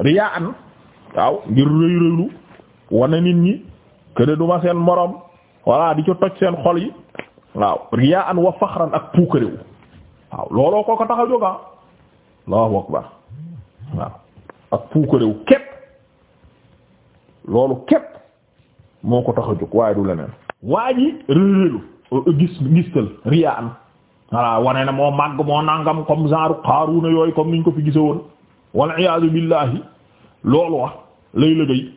riyaan waaw ngir rëy rëylu wane nit ñi këne duma seen morom walla di ci toj seen xol yi waaw riyaan wa faxran ak puukarewu waaw looloo ko ko tax a jóga ah allahu akbar loolu képp moo ko tax a jóg waaye du leneen waa ji rëy rëylu euh, gis gistal riyaan walla wane na moo màgg moo nangam comme genre xaaru na yooyu comme niñ ko fi gise woon wal iyaadu billahi loolu wax lay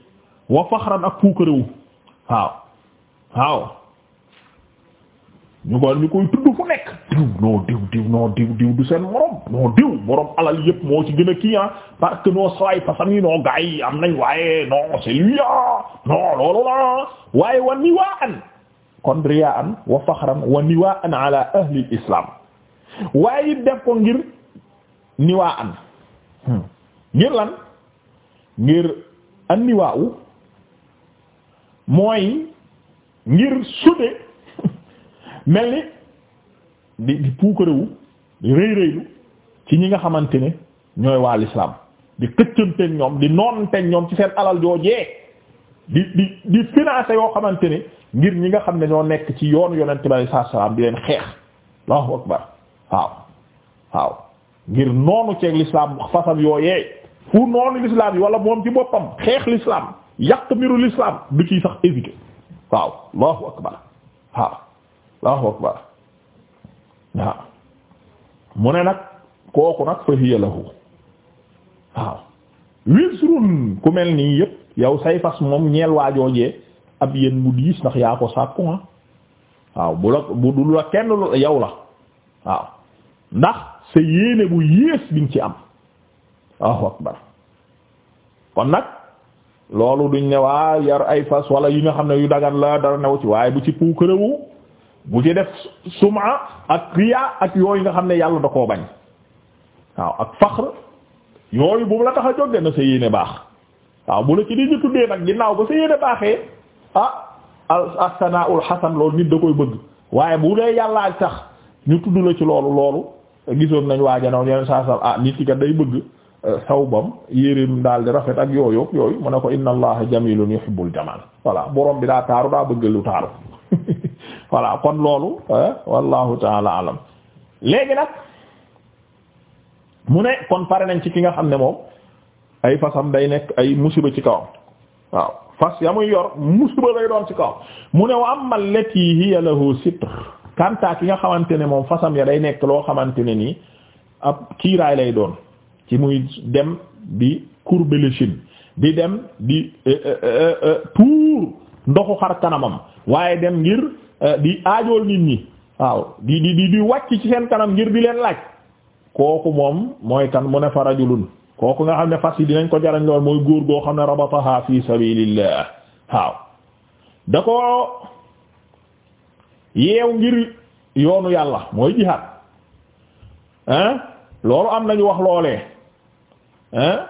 wa faxran ak puukarewu waaw waaw ñu ko ñu koy tudd fu nekk diw noo diw diw noo diw diw du seen morom noo diw morom alal yëpp moo ci gën a kii ah parce que noo sawaay façon yi noo gars am nañ waaye non c'est lui ah loolu la waaye wa niwaan kon riyaa wa faxran wa niwaan ala ahli islam waaye def ko ngir niwaan Hmm. ngir lan ngir anniwaawu mooy ngir sude mel ni di di puukarewu di rëy rëylu ci ñi nga xamante ne ñooy waa l'islam di xëccanteeg ñoom di noonteeg ñoom ci seen alal joojee di di di financer yoo xamante ne ngir ñi nga xam ne ñoo nekk ci yoon yonent bi sallallahu alayhi wasallam di leen xeex Allahu akbar waaw waaw ngir noonu ceeg l'islam fasam yooyee fu noonu l'islam yi wala moom ci boppam xeex l'islam yàq mbiru l'islam du ciy sax éviter waaw allahu akbar waaw mu ne nag kooku nag fa hiya lahu waaw wisrun ku mel nii yëpp yow say fas moom ñeel waajoojee ab yéen mu diis ndax yaa ko sàkku nga ah. waaw bu la bu du la kenn yow la waaw ndax sa yéene bu yées biñ ci am waaw akbar kon nag loolu duñ ne waa yar ay fas wala yi nga xam ne yu dagan la dara new ci waaye bu ci puukarewu bu ci def suma ak riya ak yooyu nga xam ne yàlla da koo bañ waaw ak faxr yooyu bu mu la tax a jóg na sa yéene baax waaw bu la ci di ñu tuddee nag ginnaaw ba sa yéene baaxee ah al asanaul xasan loolu nit da koy bëgg waaye bu dee yàlla ak sax ñu tudd la ci loolu loolu gisoon nañ waajanoon yeneen saa saa ah nit ki kat day bëgg euh, sawbam yéreem daal di rafet ak yooyu yooyu mu ne ko inna allaha jamilun yuhibbul jamal voilà borom bi daa taaru daa bëgg lu taaru voilà kon loolu wallahu taala alam léegi nag mu ne kon pare nañ ci ki nga xam ne moom ay fasam day nekk ay musiba ci kawam waaw fas ya muy yor musiba lay doon ci kawam mu ne wa amma allati hiya lahu sitr kanta ki nga xamante ne moom fasam ya day nekk loo xamante ne nii ab kiiraay lay doon ci muy dem di courber l'échine di dem di eh, eh, eh, tuur ndoxu xar kanamam waaye dem ngir di aajool nit ñi waaw di di di di wàcc ci seen kanam ngir di leen laaj kooku moom mooy kan mu ne fa rajulun kooku nga xam ne fas yi dinañ ko jarañ lool mooy góor goo xam ne rabataha fi sabilillah waaw da ko yeew ngir yoonu yàlla mooy jihaad ah loolu am nañu wax loolee ah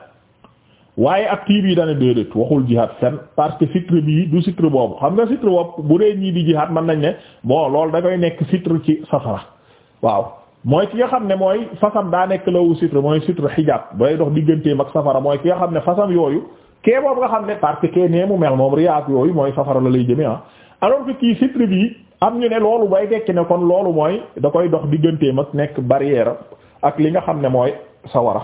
waaye ak kii bii dana déedéet waxul jihaad sen parce que sitre bii du sitre boobu xam nga sitre boobu bu dee ñii di jihaad mën nañ ne bon lool da koy nekk sitre ci safara waaw mooy ki nga xam ne mooy fasam daa nekk lawu sitre mooy sitre xijaab bay dox digganteem ak safara mooy ki nga xam ne fasam yooyu kee boobu nga xam ne parce que nee mu mel moom riyaat yooyu mooy safara la lay jëme ah. am ñu ne loolu bay tekki ne kon loolu mooy da koy dox digganteem ak nekk barrière ak li nga xam ne mooy sawara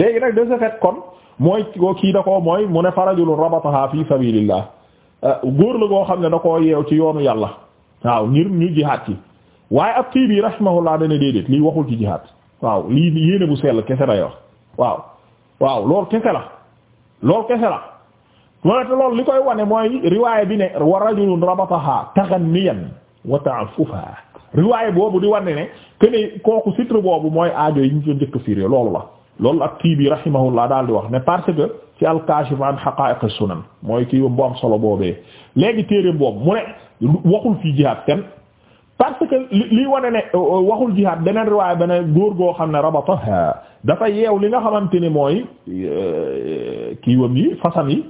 léegi nag de ce fait kon mooy kii da ko mooy mu ne farajulun rabataha fi sabilillah euh, góor la goo xam ne da koo yeew ci yoonu yàlla waaw ngir ñu jihaad ci waaye ab kii bi rahimahullah dana déedéet lii waxul ci jihaad waaw lii yéene bu sell kese la wax waaw waaw kese la loolu kese la moo loolu li koy wane mooy riwaaya bi ne wa rajulun rabataha taxanniyan wa ta'affufa riwaaya boobu di wane ne kene kooku sitre boobu mooy aajo yi ñu ko njëkk fiir loolu la loolu ak kii bi rahimahullah daal di wax ne parce que ci al-Kashif an Haqa'iq as-Sunan mooy kii bu am solo boobee léegi téere boobu mu ne waxul fii jihaad kenn parce que li wane ne euh, euh, waxul jihaad beneen riwaaya beneen góor goo xam ne rabataha dafa yeew li nga xamante ni mooy euh, kiiwam yi fasam yi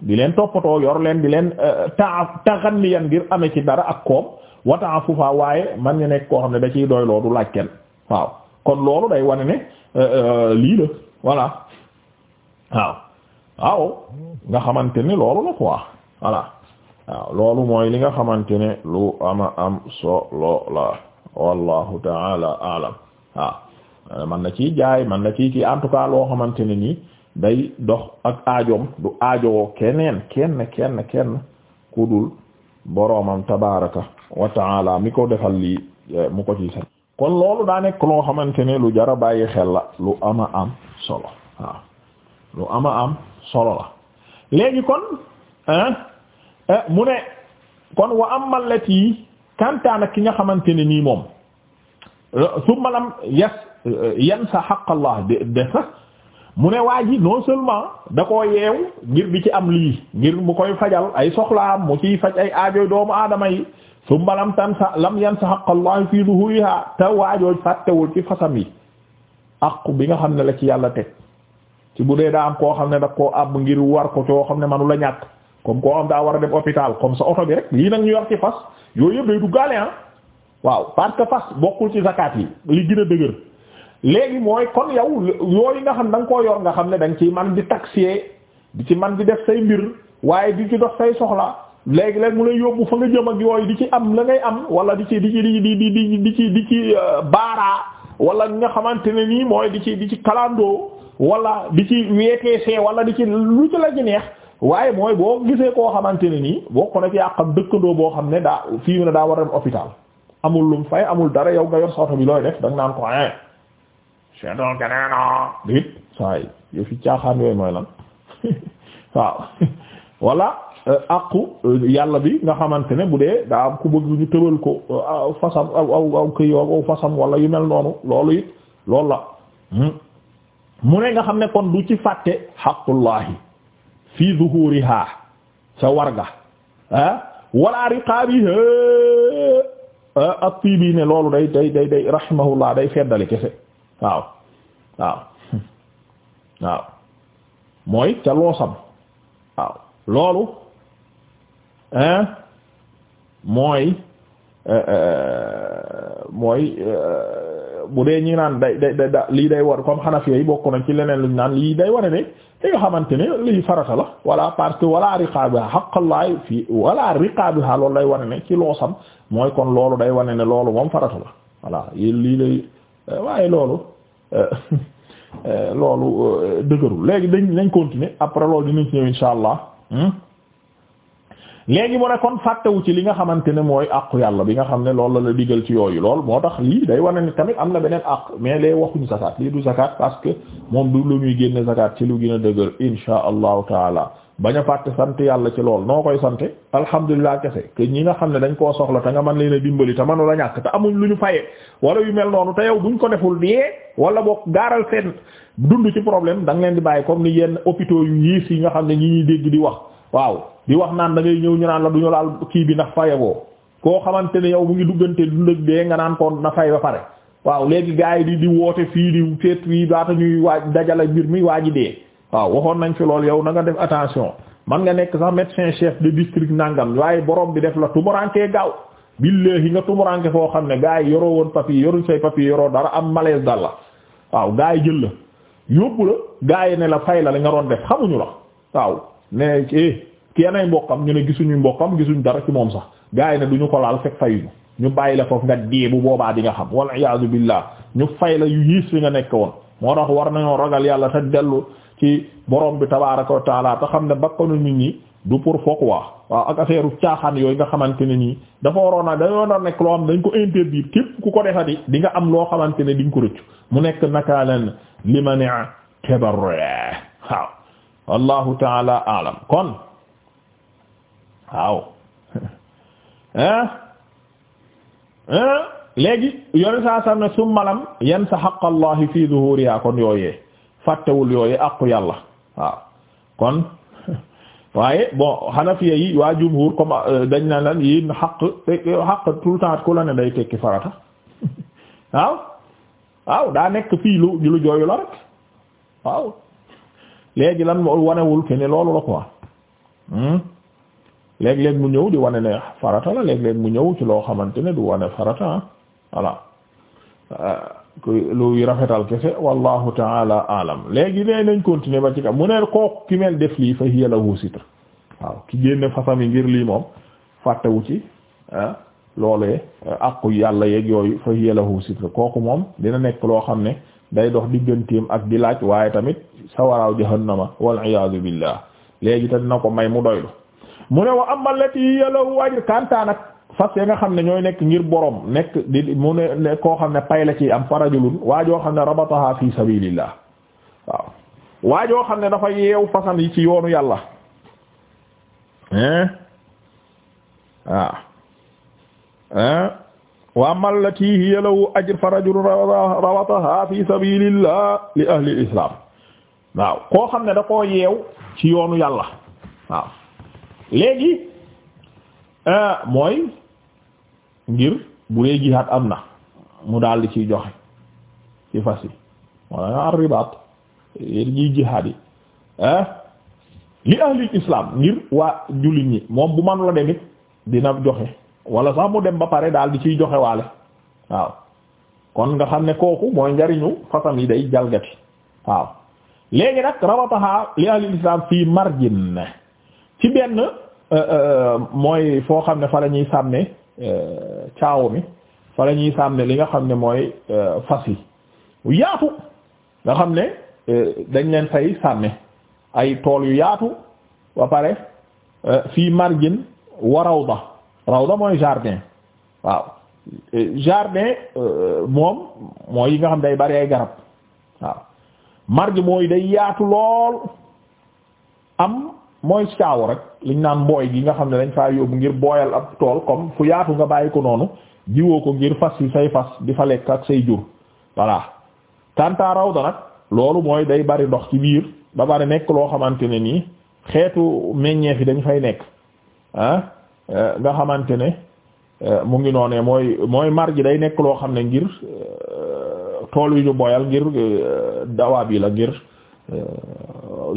di leen toppatoo yor leen di leen euh, ta taxanniyan ngir amee ci dara ak koom wataa fufa waaye man ñu nekk koo xam ne da ciy doy loolu laaj kenn waaw kon loolu day wane ne euh, euh, lii la voilà waaw waaw nga xamante ne loolu la quoi voilà waaw loolu mooy li nga xamante ne lu ama am solo la wallahu taala alam waaw man na ciy jaay man na ci ci en tout loo xamante ne nii day dox ak aajoom du aajowoo keneen kenn kenn kenn ku dul boroomam tabaraka wa mi ko defal lii eh, mu ko ci sant kon loolu daa nekk loo xamante ne lu jara bàyyi xel la lu ama am solo waaw lu ama am solo la léegi kon eh, mu ne kon wa am mallet yi kantaan ak ki nga xamante ne nii moom eh, su malam yas yan sa xaqallah de de mu ne waa ji non seulement da koo yeew ngir bi ci am lii ngir mu koy fajal ay soxlaam mu ciy faj ay aajoy doomu aadama yi summa lam tan sa lam yan sa xaqallaahi fii duhuriha te waajooj fàttewul ci fasam yi aqu bi nga xam ne la ci yàlla teg ci bu dee daa am koo xam ne da koo àbb ngir war ko coo xam ne manu la ñàkk comme koo xam daa war a dem hôpital comme sa oto bi rek lii nag ñu wax ci fas yooyu yëpp day duggaale ah waaw parce que fas bokkul ci zakat yi li gën a dëgër léegi mooy kon yow yooyu nga xam da nga koo yor nga xam ne da nga ci man di taxier di ci man di def say mbir waaye di ci dox say soxla léegi léeg mu lay yóbbu fa nga jëm ak yooyu di ci am la ngay am wala di ci di ci di di di di ci di ci euh, baaraa wala nga xamante ne nii mooy di ci di ci kalandoo wala di ci weeteesee wala di ci la ci neex waaye mooy boo gisee koo xamante ne nii bokk na ci àqam dëkkandoo boo xam ne daa fii mu daa war a dem hôpital amul lum amul dara yow nga yor sa oto bi looy def da naan ko seetool keneen a dét saa yi yo fi caaxaan yooyu mooy lan waaw wala aqu euh, euh, yàlla bi nga xamante ne bu dee daa am ku bëgg ñu tëbal ko euh, aw fasam aw aw këy aw fasam wala yu mel noonu loolu it loolu la hmm. mu ne nga xam ne kon du ci fàtte xaqullahi fi zuhuriha sa warga ah wala riqaabiha ah, at-tibi ne loolu day day day day rahimahullah day feddali kese aaw waaw mooy ca loosam waaw loolu hein mooy euh, euh, mooy euh, bu dee ñi naan day lii day war comme xana yi bokk na ci leneen luñ naan lii day wane ne li nga xamante la wala parce que wala fii wala riqaabiha loolu day wane ne ci loosam mooy kon loolu day wane ne loolu moom farata la lii lay Euh, waaye loolu euh, euh, loolu dëgërul léegi dañ nañ continuer après loolu dinañ ci ñëw insha allah hmm? léegi mu ne kon fàttewu ci li nga xamante ne mooy àqu yàlla bi nga xam ne loolu la la digal ci yooyu lool moo tax lii day wane ni tamit am na beneen àq mais lee waxuñu zakat lii du zakat parce moom du lu muy génne zakat ci lu gën a dëgër insha allahu taala bañ a fàtte sant yàlla ci lool noo koy sante alhamdulilah kese que ñi nga xam ne dañ koo soxla te nga mën leen a dimbali te mënu la ñàkk te amuñ lu ñu fayee wala yu mel noonu te yow buñ ko deful diyee wala boo gaaral seen dund ci problème da leen di bàyyi comme ni yenn hôpitaux yu yiis yi nga xam ne ñi ñuy dégg di wax waaw di wax naan da ngay ñëw ñu naan la du ñu laal kii bi ndax fayeboo koo xamante ne yow mu ngi duggante dund ak dee nga naan ko na fay ba pare waaw léegi gars yi di di woote fii di feet fii baata ñuy waaj dajala mbir mi waa ji dee waaw waxoon nañ fi loolu yow na nga def attention man nga nekk sax médecin chef de district nangam waaye borom bi def la tumuraanke gaaw billahi nga tumuraanke foo xam ne gars yoroo woon papier yoru say papier yoroo dara am malaise dal waaw gars yi jël la yóbbu la gars ne la fay la li nga doon def xamuñu la waaw ne eh ki yanay mbokkam ñu ne gisuñu mbokkam gisuñ dara ci moom sax gars yi ne duñu ko laal fekk fayuñu ñu bàyyi la foofu nga dee bu boobaa di nga xam wal iyaadu billah ñu fay la yu nga nekk woon moo yàlla te dellu ci borom bi tabaaraka wa te xam ne bakkanu nit ñi du pour foog waaw ak affaire caaxaan yooyu nga xamante ne nii dafa waroon a dañoo na nekk loo xam dañ ko interdire képp ku ko defati di nga am loo xamante ne di nga ko rëccu mu nekk naka leen li ma ne kebar waaw wallahu taala alam kon waaw hein léegi yore saa sam ne summalam yan sa xaqallahi fi zuhuriha kon yooyee fàttewul yooyu àqu yàlla waaw kon waaye bon xanafiya yi waa jumhur comme euh, dañ na lan yéen xaq xaq tout le temps ku la ne day tekki farata waaw waaw daa nekk fii lu lu jooyu la rek waaw léegi lan wanewul ke ne loolu la quoi hmm? léeg-léeg mu ñëw di wane ne farata la léeg-léeg mu ñëw ci loo xamante ne di wane farata ah euh, luy rafetal kese wallahu taala alam léegi nee nañ continuer ba ci kam mu ne kooku ki mel def lii fa hiya lahu sitr waaw ki génne fasam yi ngir lii moom fàttewu ci ah, loolee aqu yàlla yeeg yooyu fa hiya lahu sitr kooku moom dina nekk loo xam ne day dox digganteem ak di laaj waaye tamit sawaraaw jahannama wal iyaadu billah léegi te dina ko may mu doylu mu fas ya nga xam ne ñooy nekk ngir borom nekk di mu ne koo xam ne pay la ci am farajulun waa joo xam ne rabataha fi sabilillah waaw waa joo xam ne dafa yeew fasan yi ci yoonu yàlla hein waaw ah. hein wa mallati hiya lahu fi sabilillah li ahli islam waaw koo xam ne da koo yeew ci yoonu yàlla waaw léegi Euh, mooy ngir bu dee jihaad am na mu daal di ciy joxe ci fas yi wala nga arribaat yéen ñiy jihaad yi euh, li ahlil islam ngir waa jullit ñi moom bu man demit dina joxe wala sax mu dem ba pare daal di ciy joxe waale waaw kon nga xam ne kooku mooy njariñu fasam yi day jalgati waaw léegi nag rabataha li ahlil islam fii marjin ci benn Euh, euh, euh, mooy foo xam ne fa la ñuy sàmme caaw mi fa la ñuy sàmme li nga xam ne mooy fas yi yaatu nga xam ne dañ leen fay sàmme ay tool yu yaatu ba pare fii margine wa rawda rawda mooy jardin waaw jardin moom mooy yi nga xam ne bari ay garab waaw margine mooy day yaatu lool am mooy caaw rek liñ naan mbooy gi nga xam ne dañ faa yóbbu ngir booyal ak tool comme fu yaatu nga bàyyi ko noonu jiwoo ko ngir fas yi say fas di fa lekk ak say jur voilà tanta raw da nag loolu mooy day bari ndox ci biir ba bari nekk loo xamante ne nii xeetu meññeef yi dañ fay nekk ah eh, nga xamante ne eh, mu ngi noonee mooy mooy mar gi day nekk loo xam ne ngir eh, tool yu ñu booyal ngir dawaab yi la ngir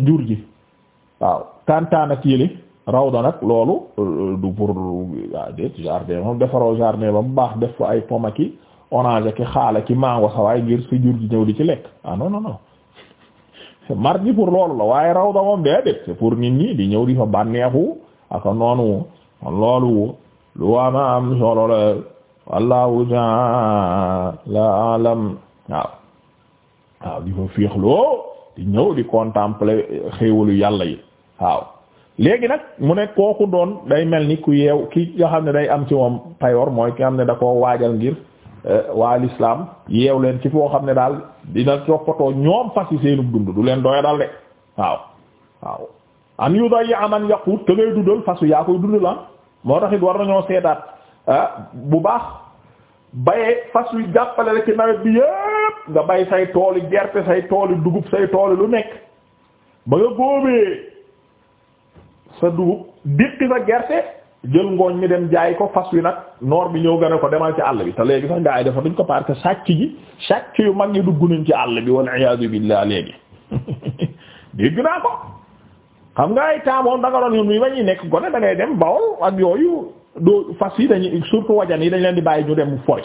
jur ji waaw kantaan ak yële rawda nag loolu euh, du pour waaw euh, ah, déet jardin moom defaroo jardin ba mu baax def fa ay pom aki orange aki xaal aki mango sa waaye ngir sa jur gi ñëw di ci lekk ah non non pour loolu la waaye rawda moom déedéet c'est pour nit ñi di ñëw di fa bànneexu aka noonu loolu lu waama am solo la wallahu ta'ala alam waaw waaw di fa féexloo di ñëw di contempler xéewalu yàlla yi waaw léegi nag mu ne kooku doon day mel ni ku yeew ki nga xam ne day am ci moom tayoor mooy ki nga ne da koo waajal ngir eh, waa lislaam yeew leen ci foo xam ne daal dina toppatoo ñoom fas yi seenu dund du leen doya dal de waaw waaw an yu doy ya man yàquut te ngay dundal fasu yaa koy dund la ah. moo tax war nañoo seetaat ah, bu baax bayee fas yu jàppale la ci nawet bi yépp nga bay say tooli gerte say tooli dugub say tooli lu nekk ba nga góobee sa dugub déqi sa gerte jël ngooñ mi dem jaay ko fas wi nag noor bi ñëw gën a ko demal ci àll bi te léegi sax gaa yi dafa duñ ko parce que sàcc ji sàcc yu mag yi dugg nañ ci àll bi wal iyaadu billaah léegi dégg naa ko xam nga ay taamoon da nga doon yoon nekk gone da ngay dem bawol ak yooyu doo fas yi dañuy surtout yi dañ leen di bàyyi ñu dem fori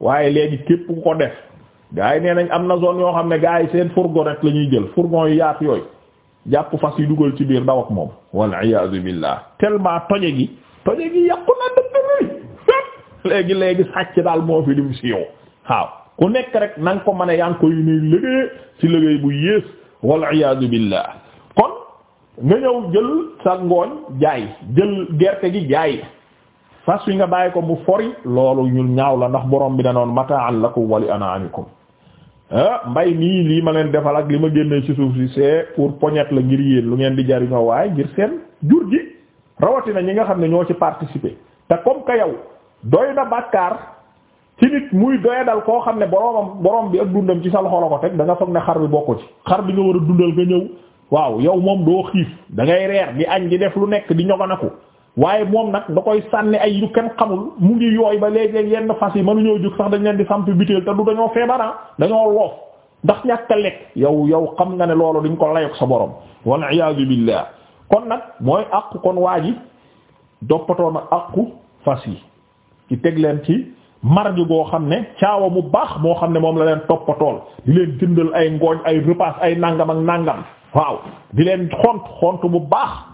waaye léegi képp ku ko def gaa yi nee nañ am na zone yoo xam ne gaa yi seen fourgon rek la ñuy jël fourgon yu yaatu yooyu jàpp fas yi dugal ci biir daw ak moom wal iyaazu billah tellement toje gi toje gi yàqu na dëgg léegi léegi sàcc daal moo fi lim si yow waaw ku nekk rek na ko mën a yaa ngi koy nuy liggéey ci liggéey bu yées wal iyaazu billah kon nga ñëw jël sa ngooñ jaay jël gerte gi jaay fas yi nga bàyyi ko bu fori loolu ñun ñaaw la ndax borom bi danoon mataan lakum wa li an'amikum Ah, mbay mii lii ma leen defal ak li ma génnee ci suuf si c'est pour poñet la ngir yéen lu ngeen di jariñoo waaye ngir seen jur gi rawatina ñi nga xam ne ñoo ci participer te comme que yow doy na bàkkaar ci nit muy dal koo xam ne boroomam borom bi ak dundam ci sa loxo la ko teg da foog ne xar bi bokku ci xar bi nga war a dundal nga ñëw waaw yow moom doo xiif da ngay reer bi añ di def lu nekk di na ko waaye moom nag da koy sànni ay yu kenn xamul mu ngi yooy ba léeg-léeg yenn fas yi mënuñoo jóg sax dañ leen di samp butéel te du dañoo feebaran ah, dañoo loof ndax ñàkk lekk yow yow xam nga ne loolu duñ ko layoog sa borom wal iyaadu billah kon nag mooy àqu kon waa ji doppatoo na àqu fas yi ci teg leen ci marge goo xam ne caawa bu baax moo xam ne moom la leen toppatool di leen jëndal ay ngooñ ay repas ay nangam ak nangam waaw di leen xont xont bu baax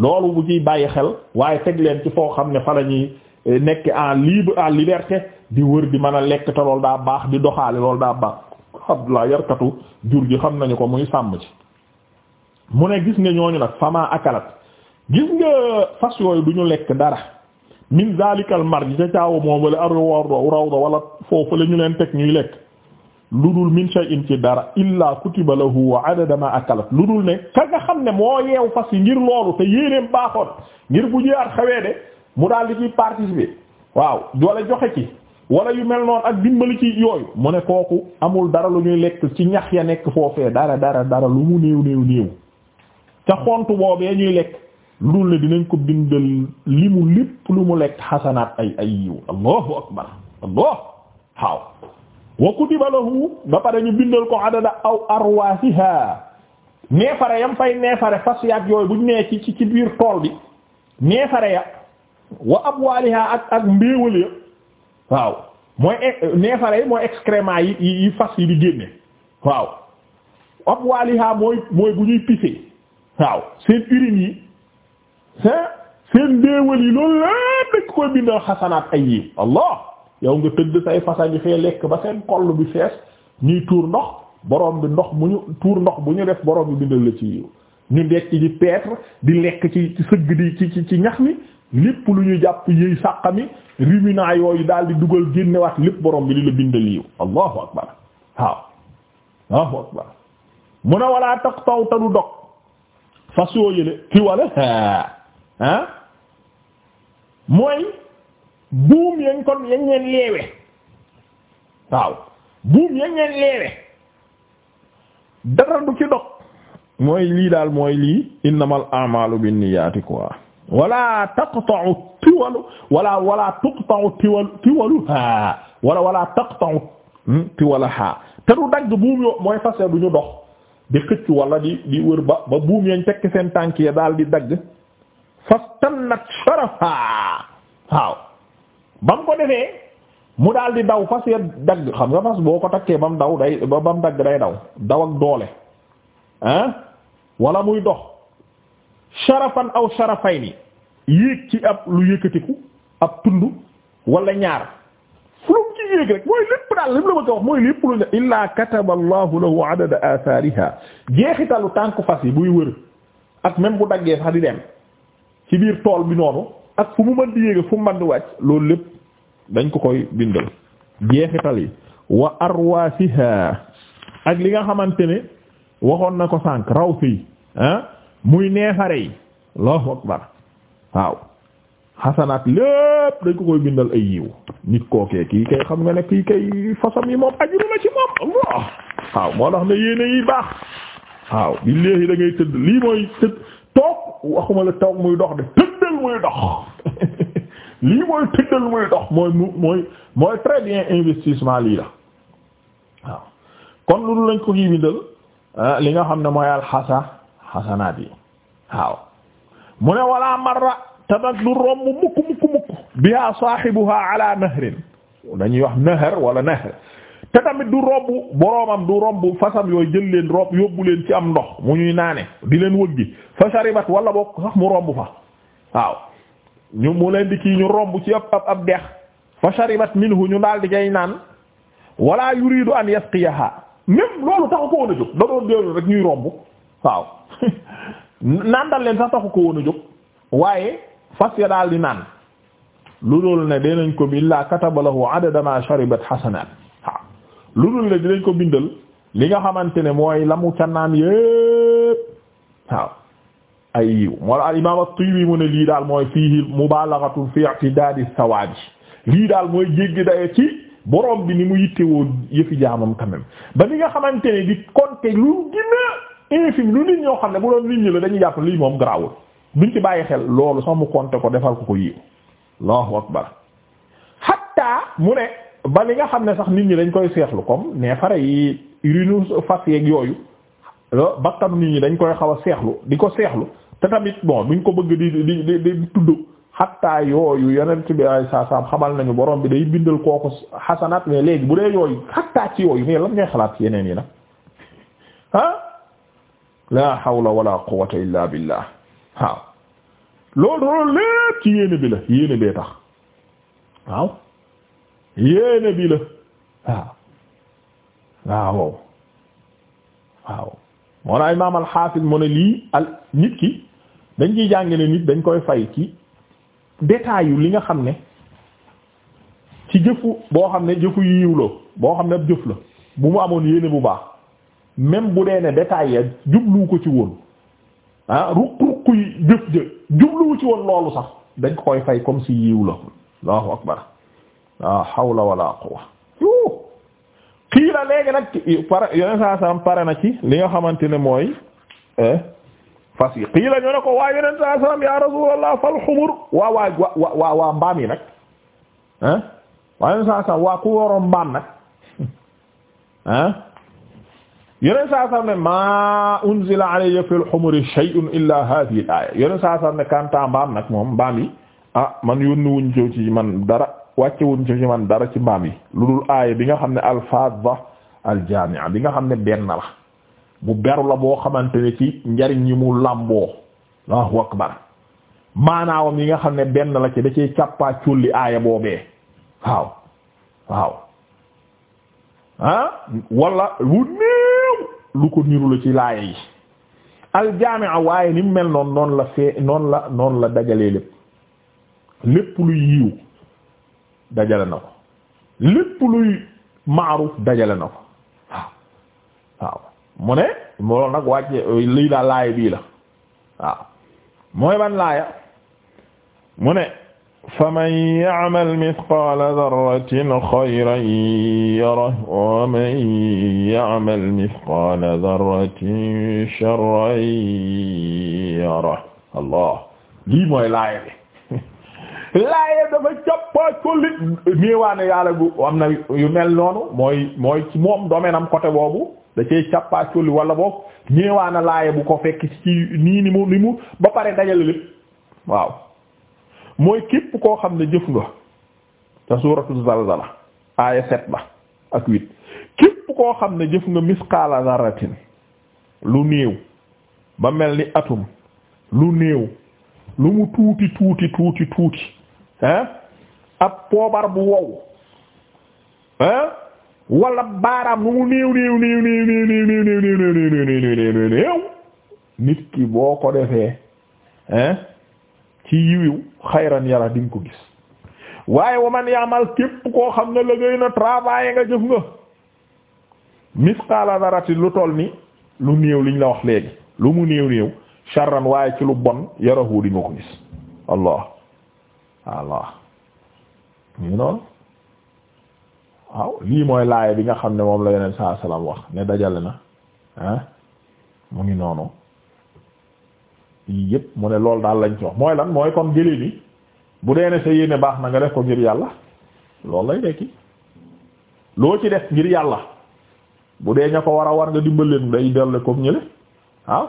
loolu bu ciy bàyyi xel waaye teg leen ci foo xam ne fa la ñuy eh, nekk en libre en liberté di wër di man a lekk te loolu daa baax di doxaale loolu daa baax abdullah yarkatu jur gi xam nañu ko muy sàmm ci mu ne gis nga ñooñu nag fama akalat gis nga fas yooyu du ñu lekk dara min zalikal mar ji ca caawa moom wala ar raw raw wala foofu la ñu leen teg ñuy lekk lu dul min shay'in ci dara illa kutiba lahu wa adada ma akalat lu dul ne ka nga xam ne moo yeew fas yi ngir loolu te yéeneem baaxoon ngir bu jiyaat xawee de mu daal di participer waaw wala joxe ci wala yu mel noonu ak dimbali ci yooyu mu ne kooku amul dara lu ñuy lekk ci ñax ya nekk foofee dara dara dara lu mu néew néew néew ca xontu boobee ñuy lekk lu dul ne dinañ ko bindal li mu lépp lu mu lekk xasanaat ay ay yiw allahu akbar allah waaw wa kutiba lahu ba pare ñu bindal ko adada aw arwaahiha neefare yam fay neefare fas yaag yooyu buñ nee ci ci biir tool bi neefare ya wa abwaaliha ak ak mbéewal ya waaw mooy eh, neefare yi mooy excrément yi fas yi di génne waaw abwaaliha mooy mooy bu ñuy pisser waaw seen urine yi seen seen mbéewal yi loolu lépp dañ koy bindal xasanaat ay yi allah yow nga tëdd say fasa ngi fee lekk ba seen koll bi fees ñuy tuur ndox borom bi ndox mu ñu tuur ndox bu ñu def boroom bi bindal la ci yiw ñu dekk ci peetre di lekk ci sëgg di ci ci ñax mi lépp lu ñu jàpp yëy sàqami ruminant yooyu daal di dugal génnewaat lépp borom bi di la bindal yiw allahu akbar waaw allahu akbar mu ne walaa tax taw te yële ki wala ah mooy buum yañ kon yañ leen leewe waaw buum yañ leen leewe dara du ci dog mooy lii daal mooy lii innamal a'malu binniyati quoi wala taqta'u tiwalu wala wala tuqta'u tiwalu tiwaluha wala wala hmm, du dagg buum yo mooy fase du ñu dox di xëcc wala di di ba buum yañ tekk seen tànk daal di dagg fastannat sharafa waaw ba mu ko defee mu dal di daw fas ya dagg xam nga fas boo ko takkee ba mu daw day ba mu dagg day daw daw ak doole ah wala muy dox sharafan aw sharafayni yéeg ci ab lu yëkkatiku ab tund wala ñaar fu mu ci yéeg rek mooy lépp daal li mu la ma ko wax mooy lépp lu illaa kataba allahu lahu adada athariha jeexitalu tànk fas yi buy wër ak même bu daggee sax di dem ci biir tool bi noonu ak fu mu mën di yéeg fu mu mën loolu lépp dañ ko koy bindal jeexital yi wa arwasiha ak li nga xamante ne waxoon na ko sànq raw fii ah, muy neefare yi allahu akbar waaw xasanaat lépp dañ ko koy bindal ay yiw nit kookee kii kay xam nga ne kii kay fasam yi moom ajuru la ci moom waaw moo tax ne yéene yi baax waaw bi léegi da tëdd lii mooy tëdd toog waxuma la toog muy dox de tëddal muy dox lii mooy tëddal muy dox mooy bien investissement lii la kon loolu lañ ko kii ah, li nga xam ne mooy alxasa xasanaat yi waaw mu ne wala marra te lu romb mukk mukk mukk biha saahibuha ala wax nahr wala nahr te tamit du romb boroomam du romb fasam yooyu jël leen rob yóbbu leen ci am ndox mu ñuy naane di leen wëggi fa sharibat wala bokk sax mu romb fa waaw ñu mu leen di kii ñu romb ci ab ab ab dex fa sharibat minhu ñu daal di kay naan wala yuridu an yasqiyaha même loolu taxu ko woon a jóg da doon déelu rek ñuy romb waaw naan dal leen sax taxu ko woon a jóg waaye fas ya daal di naan lu doolu ne dee nañ ko bi illaa kataba lahu adada ma sharibat lu dul la dinañ ko bindal li nga xamante ne mooy lamu ca naan yépp waaw ay yiw moo al imam at-Tibi mu ne lii daal mooy fiihi mubalaghatun fi i'tidadi sawaabi lii daal mooy jéggi daye ci borom bi ni mu yittewoo yëfi jaamam quand ba ni nga xamante ne di compter lu gën a lu nit ñoo xam ne bu doon nit ñi la dañuy jàpp lii moom garaawul duñ ci bàyyi xel loolu sax mu compter ko defal ko ko yiw Allahu akbar hatta mu ne ba li nga xam ne sax nit ñi dañ koy seexlu comme neefare yi urinu fas yeeg yooyu bakkanu nit ñi dañ koy xaw a seexlu di ko seexlu te tamit bon duñ ko bëgg di di di di tudd xatta yooyu yonent bi ay saa saam xamal nañu boroom bi day bindal kooku xasanaat mais léegi bu dee yooyu xatta ci yooyu mais lan ngay xalaat ci yeneen yi nag ah la hawla wala quwwata illa billah waaw loolu loolu lépp ci yéene bi la yéene bee tax waaw yéene bi la waaw waaw waaw moo na imaam alxaafis mu ne lii al nit ki dañ ciy jàngale nit dañ koy fay ci détail yu li nga xam ne ci jëfu boo xam ne jëfu yiw la boo xam ne ab jëf la bu mu amoon yéene bu baax même bu dee ne détail ya jublu ko ci woon ruq ah, ruq yi jëf jë jubluwu ci woon loolu sax dañ koy fay comme si yiw la allahu akbar la hawla wala quwwa xiila léegi nag pare yoneen saa saam pare na ci li nga xamante ne mooy eh, fas yi xiila ñu ne ko waa yoneen saa saam ya rasulallah fal xumur waa waa waa waa waa mbaam yi nag ah waa yoneen saa saam waa ku waroon mbaam nag ah yoneen saa saam ne maa unzila alayya fil xumuri shay'un illa hadhihi al aya yoneen saa saam ne kanta mbaam nag moom mbaam yi ah man yónni wuñ jëw ci man dara wàccewuñ ci ci man dara ci maam yi lu dul aaya bi nga xam ne alfadha aljamia bi nga xam ne benn la bu beru la boo xamante ne ci njariñ yi mu làmboo Allahu akbar maanaawam yi nga xam ne benn la ci da ciy càppaa culli aaya boobee waaw waaw ah wala lu néew lu ko niru la ci laaya yi aljaamia waaye ni mu mel noonu noonu la fee noonu la noonu la dajalee lépp lépp yiw dajale na ko lépp luy maaruf dajale na ko waaw waaw mu ne loolu nag wàcce lii laa laaya bii la waaw mooy ban laaya mu ne faman ya'mal mithqala dharratin khayran yarah wa man ya'mal mithqala dharratin sharran yarah allah lii mooy laaya bi laaye dafa jàppaa colli néewaane yàlla gu am na yu mel noonu mooy mooy moom domaine am boobu da cay càppaa colli wala boog néewaana laaye bu ko fekk ci nii ni mu ni mu ba pare dajale lépp waaw mooy képp koo xam ne jëf nga ta suuratu zalzala aaya sept ba ak huit képp xam ne jëf nga misqaala zarratin lu néew ba mel ni atum lu néew lu mu tuuti tuuti tuuti tuuti ah ab poobar bu wow ah wala baaraam nu mu néew néew néew nit ki boo ko defee hein ci yiwiw xayran yara di nga ko gis waaye waman yaamal képp koo xam ne liggéey na travail nga jëf nga misqala darati lu toll ni lu néew liñ la wax léegi lu mu néew néew sharran waaye ci lu bon yarahu di nga ko gis allah Allah ñu noonu waaw lii mooy laaya bi nga xam ne moom la yeneen saa salaam wax ne dajale na ah mu ngi noonu yii yëpp mu ne loolu daal lañ ci wax mooy lan mooy kon gëléem yi bu dee ne sa yéene baax na nga def ko ngir yàlla loolu lay dekki loo ci def ngir yàlla bu dee ña ko war a war nga dimbaleen day delle comme ñële waaw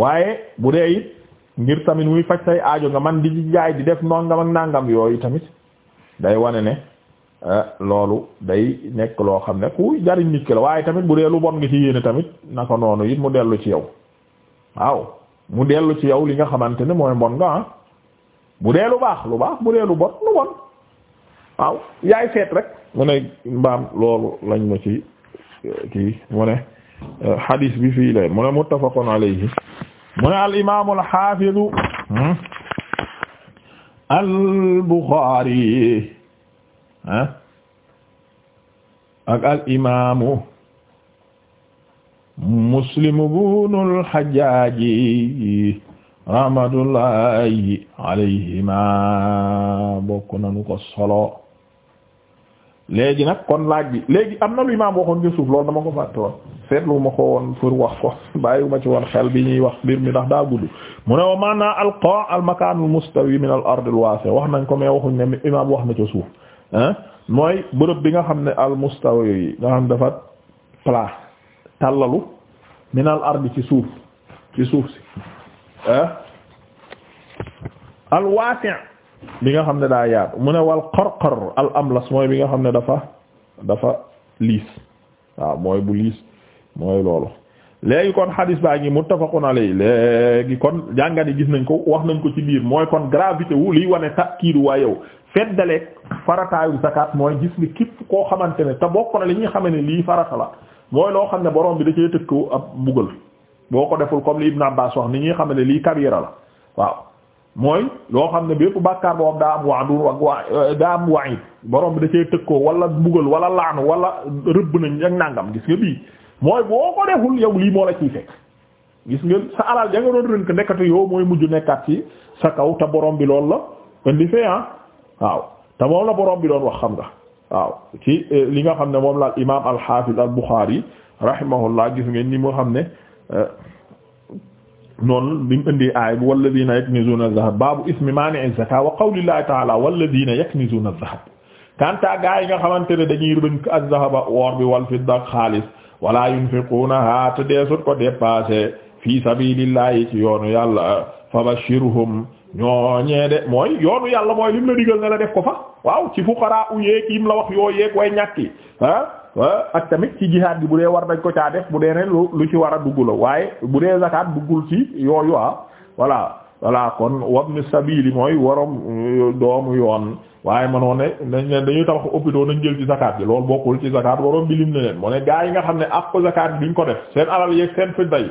waaye bu dee it ngir tamit muy faj say aajo nga man di ci jaay di def nangam ak nangam yooyu tamit day wane ne eh, loolu day nekk loo xam ne ku jariñ nit ki la waaye tamit bu dee lu bon nga ci yéene tamit naka noonu it mu dellu ci yow waaw mu dellu ci yow li nga xamante ne mooy mbon nga ah bu dee lu baax lu baax bu dee lu bon lu bon waaw yaay seet rek mu ne mbaam loolu lañ ma ci eh, kii mu ne eh, hadis bi fii lay mu ne muttafaqun alayhi mu ne al imaamu al xaafidu hmm? al Buxaari eh? ak al imaamu Muslim ibnul Hajjaaji rahmatullahi alayhima bokk nañu ko solo. léegi nag kon laaj bi léegi am na lu imaam waxoon ci suuf loolu dama ko fàtte woon seetlu ma ko woon pour wax ko bàyyi bàyyiwuma ci woon xel bi ñuy wax mbir mi ndax daa gudd mu ne wa maana alqa al makaan al mustawi min al ard al waasi wax nañ ko mais waxuñ ne imaam wax na ca suuf mooy bërëb bi nga xam ne al mustawi yi nga xam dafa plat tàllalu min al ard ci suuf ci suuf si ah al waasi bi nga xam ne daa yaatu mu ne wal xorxor al amlas mooy bi nga xam ne dafa dafa liis waaw mooy bu liis mooy loolu léegi kon xadis baa ngi mu muttafaqun alayhi léegi kon jàngat yi gis nañ ko wax nañ ko ci biir mooy kon gravité wu liy wane takkiiru waa yow feddaleeg farataayu zakat mooy gis ni képp koo xamante ne te bokk na li ñuy xamee ne lii farata la mooy loo xam ne borom bi da cee tëkkoo ab mbugal boo ko deful comme li Ibn Abbas wax ni ñuy xam ne lii kabira la mooy loo xam ne bépp bàkkaar boobu daa am waadun ak waa euh, daa am waid borom bi da cee tëkkoo wala mbugal wala laanu wala rëbb nañ ak nàngam gis nga bii mooy boo ko deful yow lii moo la ciy fekk gis nga sa alal ja doon rënk nekkatu yow mooy mujju nekkaat ci sa kaw te boroom bi lool la indi fee ah. waaw te moom la borom bi doon wax xam nga waaw ci eh, li nga xam ne moom la al imaam al-Hafiz al-Bukhari gis ngeen ni moo xam ne eh, noonu bi mu indi aay bi walladina yaknizuna az-zahab baabu ismi mani'i zakat wa qawlillahi ta'ala walladina yaknizuna az-zahab kanta gaa yi nga xamante ne dañuy rënk az-zahaba or bi wal fidda ak xaalis wala yunfiqunaha te deesut ko dépassé fi sabilillahi ci yoonu yàlla fabashirhum ñooñee de mooy yoonu yàlla mooy lim la digal ne la def ko fa waaw ci fuqara u yeeg yim la wax yoo yeeg way ñàkki ah ak tamit ci jihaad bi bu dee war dañ ko caa def bu dee ne lu lu ci war a dugg la waaye bu dee zakat duggul ci yooyu ah voilà voilà kon wabni sabili mooy warom euh, doomu yoon waaye mënoo ne nañ leen dañuy tabax hôpitaux nañ jël ci zakat bi loolu bokkul ci zakat waroom bi lim ne leen mu ne gaa yi nga xam ne ak ko zakat bi ko def seen alal yeeg seen fidda yi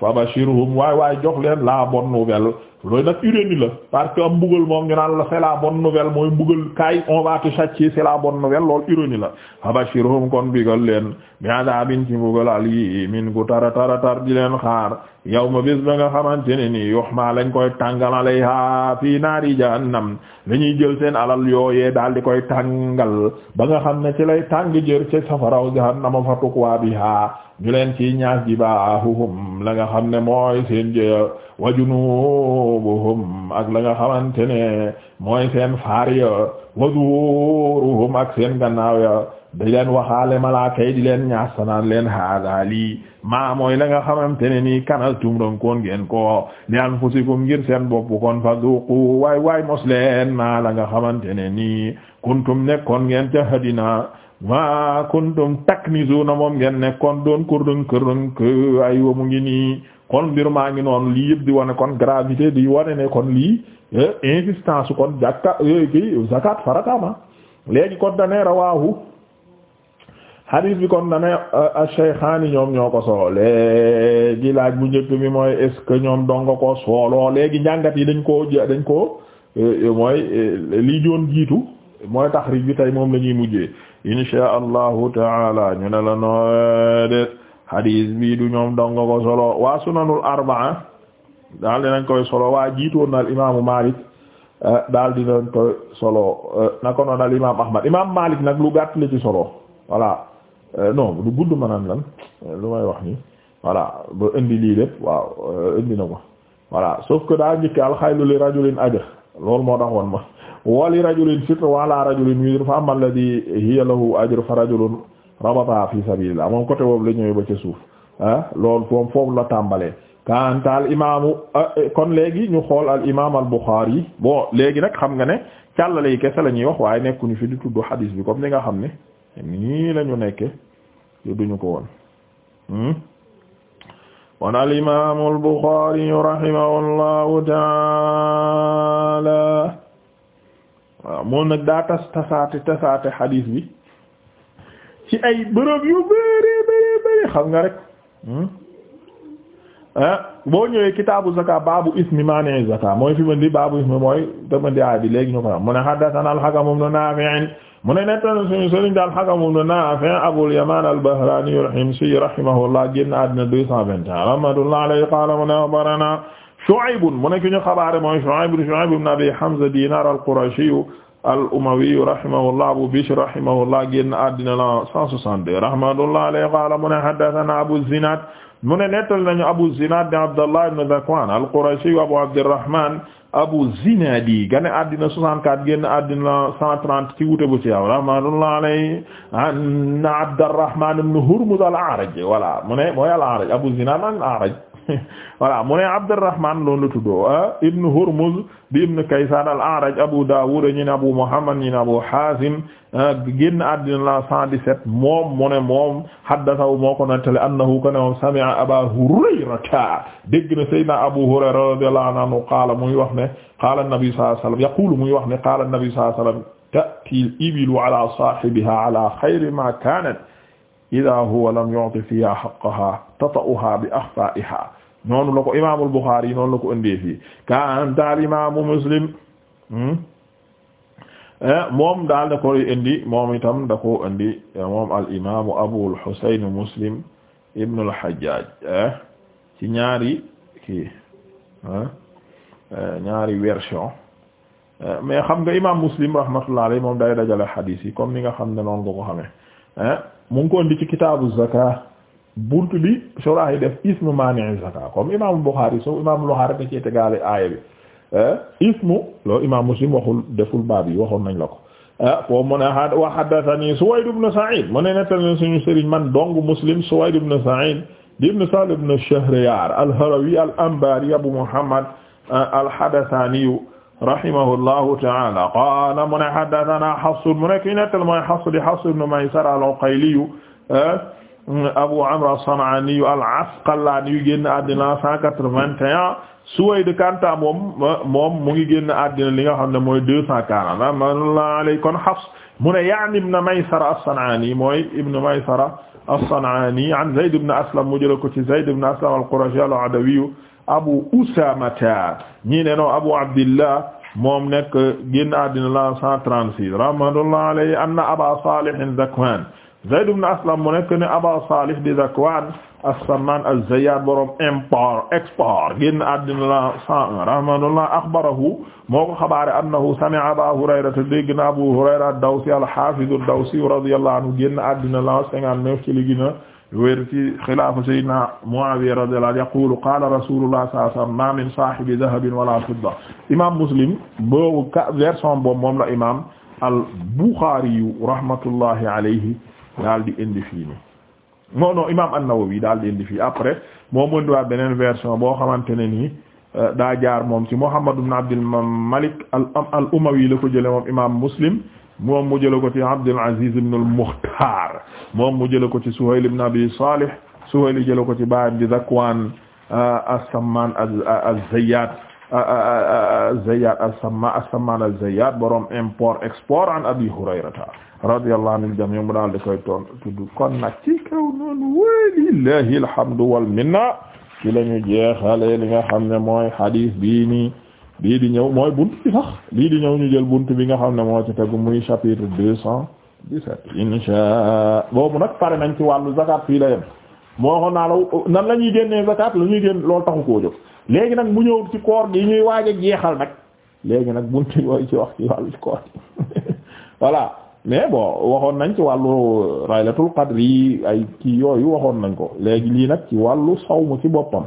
fa bashirhum waay waaye jox leen la bonne nouvelle loolu nag uréni la parce que am mbugal moom ñu naan la c'est la bonne nouvelle mooy mbugal kay on va te châtier c'est la bonne nouvelle loolu uréni la habashirhum kon bigal leen bi'adabin ci mbugal alimin ku tara tara tar di leen xaar yawma bis ba nga xamante ne ni ma lañ koy tàngal alayha fii naari jahannam lañuy jël seen alal yooyee daal di koy tàngal ba nga xam ne ci lay tàng jër ci safaraw jahannama fa tukwaa biha ñu leen ci ñaas ji baahuhum la nga xam ne mooy seen jëya wajunu junubuhum ak la nga xamante ne mooy seen faar ya wa zuhuruhum ak seen gannaaw ya di leen waxaale malaaka yi di leen ñaas naan leen haadaa lii maa mooy la nga xamante ne nii kanastum doon koon ngeen ko li anfusikum ngir seen bopp kon fa duqu waay waay mos leen maa la nga xamante ne nii kuntum nekkoon ngeen ca hadina maa kuntum taknizuna moom ngeen nekkoon doon kurdun ay wa mu ngi nii kon mbir maa ngi noonu lii yëpp di wane kon gravité di wane ne kon lii eh, insistance kon jàkka yooyu eh, zakat faratama ah. léegi kon dane rawahu hadis bi kon dane eh, ash-shaykhani ñoom ñoo ko solo léegi laaj bu njëkk bi mooy est ce ñoom donga ko solo léegi njàngat yi dañ koo dañ koo mooy lii doon jiitu mooy tax taxrij bi tey moom lañuy ñuy mujjee insha allahu taala ñu ne la noo de hadis bi du ñoom dongo ko solo waa sunanul arbaa daal dinañ koy solo waa jiitoon na al imaamu Malik eh, daal dinañ koy solo eh, naka noonu al imaam Ahmad imaam Malik nag lu gàtt la ci solo voilà eh, non lu gudd maanaam lan lu may wax nii voilà ba indi lii lépp waaw indi na ko voilà sauf que daa njëkk al xaylu li rajulin ajr loolu moo tax ma wa li rajulin fitr wa ala rajulin wizr fa amma alladhi hiya lahu ajr fa rajulun rabata fi sabilillah moom côté boobu la ñëwee ba ca suuf ah loolu moom foofu la tàmbalee kanta al imaamu ah, kon léegi ñu xool al imaam al Bukhari bon léegi nag xam nga ne càllale yi ke la ñuy wax waaye nekkuñu fi di tudd hadis bi comme ni nga xam ne nii la ñu nekke yu duñu ko woon hmm? kon al imaamu al Bukhari rahimahullahu taala waaw moom nag daa tas tasaate tasaate hadis bi ci ay bërëb yu bëri bëri bëri xam nga rek hmm? ah boo ñëwee kitaabu zaka baabu ismi maani zaka mooy fi mën di baabu ismi mooy tamandi aay bi léegi ñu ko am mu ne haddathana al-Hakam ibn Nafi' mu ne nettali suñu sëriñ daal Hakam ibn Nafi' Abul Yaman al-Bahrani al-Himsi rahimahullah génn àddina deux cent vingt et un rahmatullah alayhi qala mu ne akhbarana Shu'ayb mu ne ki ñu xabaare mooy Shu'ayb Shu'ayb ibn Abi Hamza Dinar al-Qurashi al umawi rahimahullah abu bishr rahimahullah génn àddina la 162 rahmatullah alayhi qaala mu ne haddathana abu zinad mu ne nettali nañu abu zinad di abdallah ibn zakwan al qurashi abu abdurrahman abu zinadi génn àddina 64 génn àddina la 130 ci wuute bu ci yaw rahmatullah alayhi an abdurrahman ibn hurmuz al a'raj voilà mu ne mooy al a'raj abu zinad al a'raj voilà mu ne Abdurrahman loolu la tuddoo ah, Ibn Hurmuz di Ibn Kaysan al-A'raj Abu Dawud ñu ne Abu Muhammad ñu ne Abu Hazim ah, génn àddina la 117 moom mu ne moom haddathahu moo ko nettali annahu kana moom sami'a Aba Hurayrata dégg na Seydina Abu Hurayra radiyallahu anhu qaala muy wax ne qaala an-nabi sallallahu alayhi wasallam yaqulu muy wax ne qaala an-nabi sallallahu alayhi wasallam ta'ti al-ibilu ala sahibiha ala khayri ma kanat idha huwa lam yu'ti fiha haqqaha tata'uha bi akhfa'iha noonu la ko imaamul Bukhari yi noonu la ko ëndee fii kanta imaamu Muslim hmm? eh, moom daal da koy indi moom itam da ko indi eh, moom al imaamu Abul Husayn Muslim ibn al Hajjaj eh, ci ñaari kii ñaari version mais xam nga imaam Muslim rahmatullah alayhi moom day dajale xadiis yi comme ni nga xam ne noonu nga ko xamee mu ngi ko indi ci kitaabu zakat bunt bi sorax yi def ismu maani'i zakat comme imam Bukhari so imam Bukhari da ci tegaale aaya bi eh, ismu loolu imam Muslim waxul deful baab yi waxoon nañ la ko eh, foofu mu ne wa haddathani Suwayd ibn Sa'id mu ne nettali suñu sëriñ man dong Muslim Suwayd ibn Sa'id ibn Sahl ibn Shahriyar al-Harawi al-Anbari Abu Muhammad eh, al-Hadathani rahimahullahu ta'ala qala mu ne haddathana Hafs mu ne ki nettali mooy Hafs di Hafs ibn Maysara al-Uqayli Abu Amr as-San'ani al-Asqalani yu génn àddina cent quatre-vingt-un Suwayd Kanta moom moom mu ngi génn àddina li nga xam ne mooy deux cent quarante rahmatullahi alayhi kon Hafs mu ne yaani ibn Maysara as-San'ani mooy ibn Maysara as-San'ani an Zayd ibn Aslam mu jël ko ci Zayd ibn Aslam al-Qurashi al-Adawi Abu Usamata ñi ne no Abu Abdillah moom nekk génn àddina la cent trente-six rahmatullahi alayhi anna Aba Salih Zakwan Zayd ibn Aslam mu nekk ne Aba Salih di Zakwan as-Samman az-Zayyat borom import export génn àddina la 101 rahmatullah akhbarahu moo ko xabaare annahu sami'a Aba Hurayra dégg na Abu Hurayra ad-Dawsi al-Hafiz ad-Dawsi radiyallahu anhu génn àddina la 59 ci li gën wér ci xilaafa sayyidina Muawiya radiyallahu anhu yaqulu qala rasulullah sallallahu alayhi wasallam ma min sahibi dhahabin wala fidda imam Muslim boobu version boobu moom la imam al-Bukhari rahmatullahi alayhi daal di indi fii nii non non imaam nawawi daal di indi fii après moom indiwaat beneen version boo xamante ne nii euh, daa jaar moom ci Muhammad ibn Abdul Malik al al Umawi la ko jëlee moom imaam Muslim moom mu jëlee ko ci Abdul Aziz ibn al-Mukhtar moom mu jëlee ko ci Suhayl ibn Abi Salih Suhayl jëlee ko ci baayam di Zakwan euh, as-Samman az-Zayyat a zayyat as-Samma as-Samman az-Zayyat borom import export an Abi Hurayrata radiyallahu anil jami' mu daal di koy toon tudd kon nag ci kaw noonu wa lillahi alhamdu wal minna ci la ñu jeexalee li nga xam ne mooy hadith bii nii lii di ñëw mooy buntu bi sax lii di ñëw ñu jël bunt bi nga xam ne moo ci tegu muy chapitre deux cent dix-sept insha boobu nag pare nañ ci wàllu zakat fii la yem moo xon naa la nan la ñuy génnee zakat lu ñuy génn loolu taxu koo léegi nag mu ñëw ci koor gi ñuy waaj a jeexal nag léegi nag buntu yooyu ci wax ci wàllu koor gi voilà mais bon waxoon nañ ci wàllu raylatul qadr yi ay kii yooyu waxoon nañ ko léegi lii nag ci wàllu sawmu ci boppam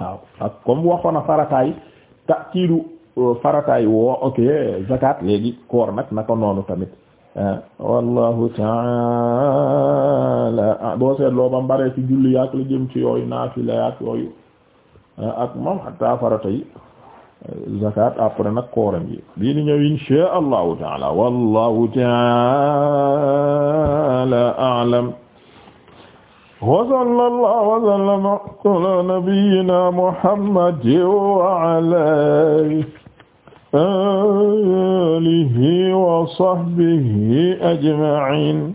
waaw ak comme waxoon a farataay ta kiidu euh, farataay wo ok zakat léegi koor nag naka noonu tamit wallahu taala ah, boo loo ba mu ci julli yaak la jëm ci yooyu naafila ak yooyu Euh, ak moom hatta farata yi euh, zakat après nag kooram yi bii di ñëw insha allahu taala wallahu taala a'lam wa sallallahu wa sallama ala nabiyyina muhammad wa ala alihi wa sahbihi ajma'in